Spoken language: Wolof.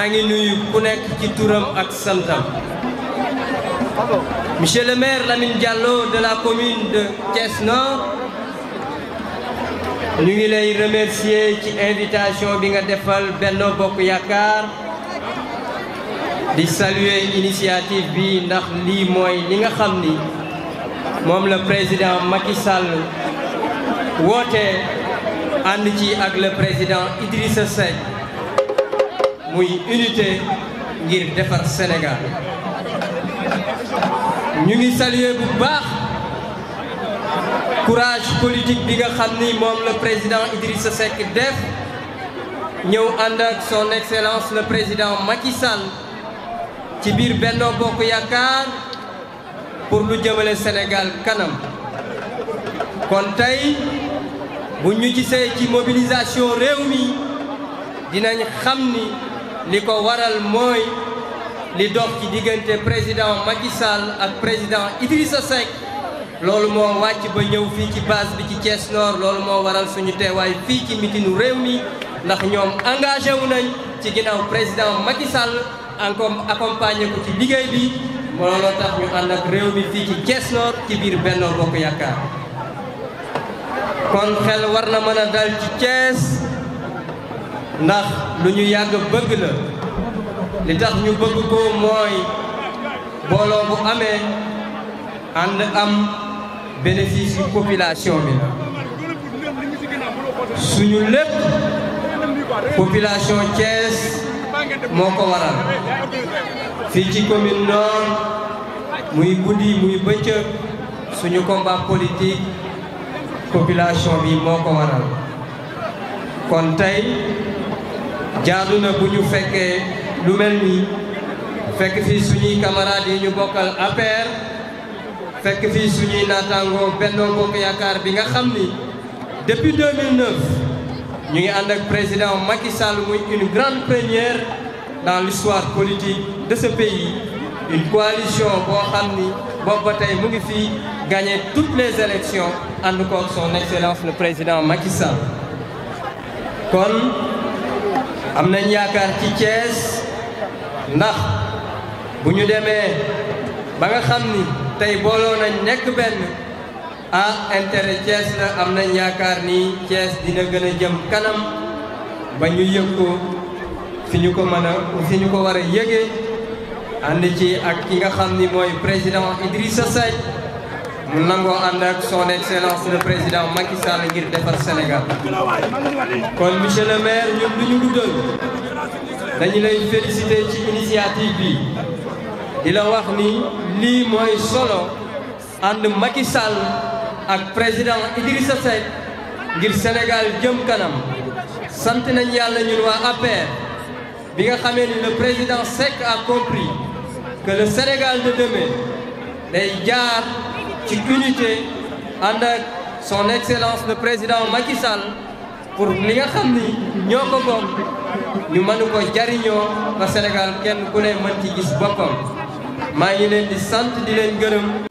maa nuyu ku nekk ci turam ak santam Monsieur le maire Lamine Diallo de la commune de Thiès Nord ñu ngi lay remercier ci invitation bi nga defal Benno Bokk Yaakaar di saluer initiative bi ndax lii mooy li nga xam ni moom président Macky Sall woote ànd ci ak le président Idrissa Seck muy unité ngir defar Sénégal ñu ngi saluer bu baax courage politique bi nga xam ni le président Idrissa Seck def ñëw ànd ak son excellence le président Macky Sall ci biir Benno Bokk Yaakaar pour lu jëmale Sénégal kanam kon tey bu ñu gisee ci mobilisation réew mi dinañ xam ni li ko waral mooy li dox ci diggante président Macky Sall ak président Idrissa Seck loolu moo wàcc ba ñëw fii ci base bi ci Thiès Nord loolu moo waral suñu teewaay fii ci mitinu réew mi ndax ñoom engagé wu nañ ci ginnaaw président Macky Sall encore accompagné ko ci liggéey bi looloo tax ñu ànd ak réew mi fii ci Thiès Nord ci biir Benno Bokk Yaakaar kon xel war na mën a dal ci Thiès. ndax lu ñu yàgg bëgg la li tax ñu bëgg ko mooy booloo amee ànd am bénéfice yu population bi suñu lépp population Thiès moo ko waral fii ci commune nord muy guddi muy bëccëg suñu combat politique population bi moo ko waral kon tey jaadu na bu ñu fekkee lu mel nii fekk fii suñuy camarades yi ñu bokkal affaire fekk fii suñuy naataangoo Benno Bokk Yaakaar bi nga xam depuis 2009 ñu ngi ànd ak président Macky Sall muy une grande première dans l'histoire politique de ce pays une coalition boo xam ni boobu ba tey mu ngi fii gagné toutes les élections ànd koog son excellence le président Macky Sall kon am nañ yaakaar ci Thiès ndax bu ñu demee ba nga xam ni tey booloo nañ nekk benn ah intérêt Thiès na am nañ yaakaar ni Thiès dina gën a jëm kanam ba ñu yëg ko fi ñu ko mën a si ñu ko war a yëgee ànd ci ak ki nga xam ni mooy président Idrissa Seck Nous avons un ak son excellence le président Macky Sall ngir defar Sénégal kon monsieur le maire ñun du ñu guddal dañu lay féliciter ci initiative bi di wax ni lii mooy solo ànd Macky Sall ak président Idrissa Seck ngir Sénégal jëm kanam sant nañ yàlla ñun waa APR bi nga ni le président Seck a compris que le Sénégal de demain les jaar ci unité ànd son excellence le président Macky Sall pour li nga xamni ñoko ñoo ñu mënu ko jariño ba Sénégal kenn ku ne mën ci gis bopam ma ngi leen di sante di leen gërëm.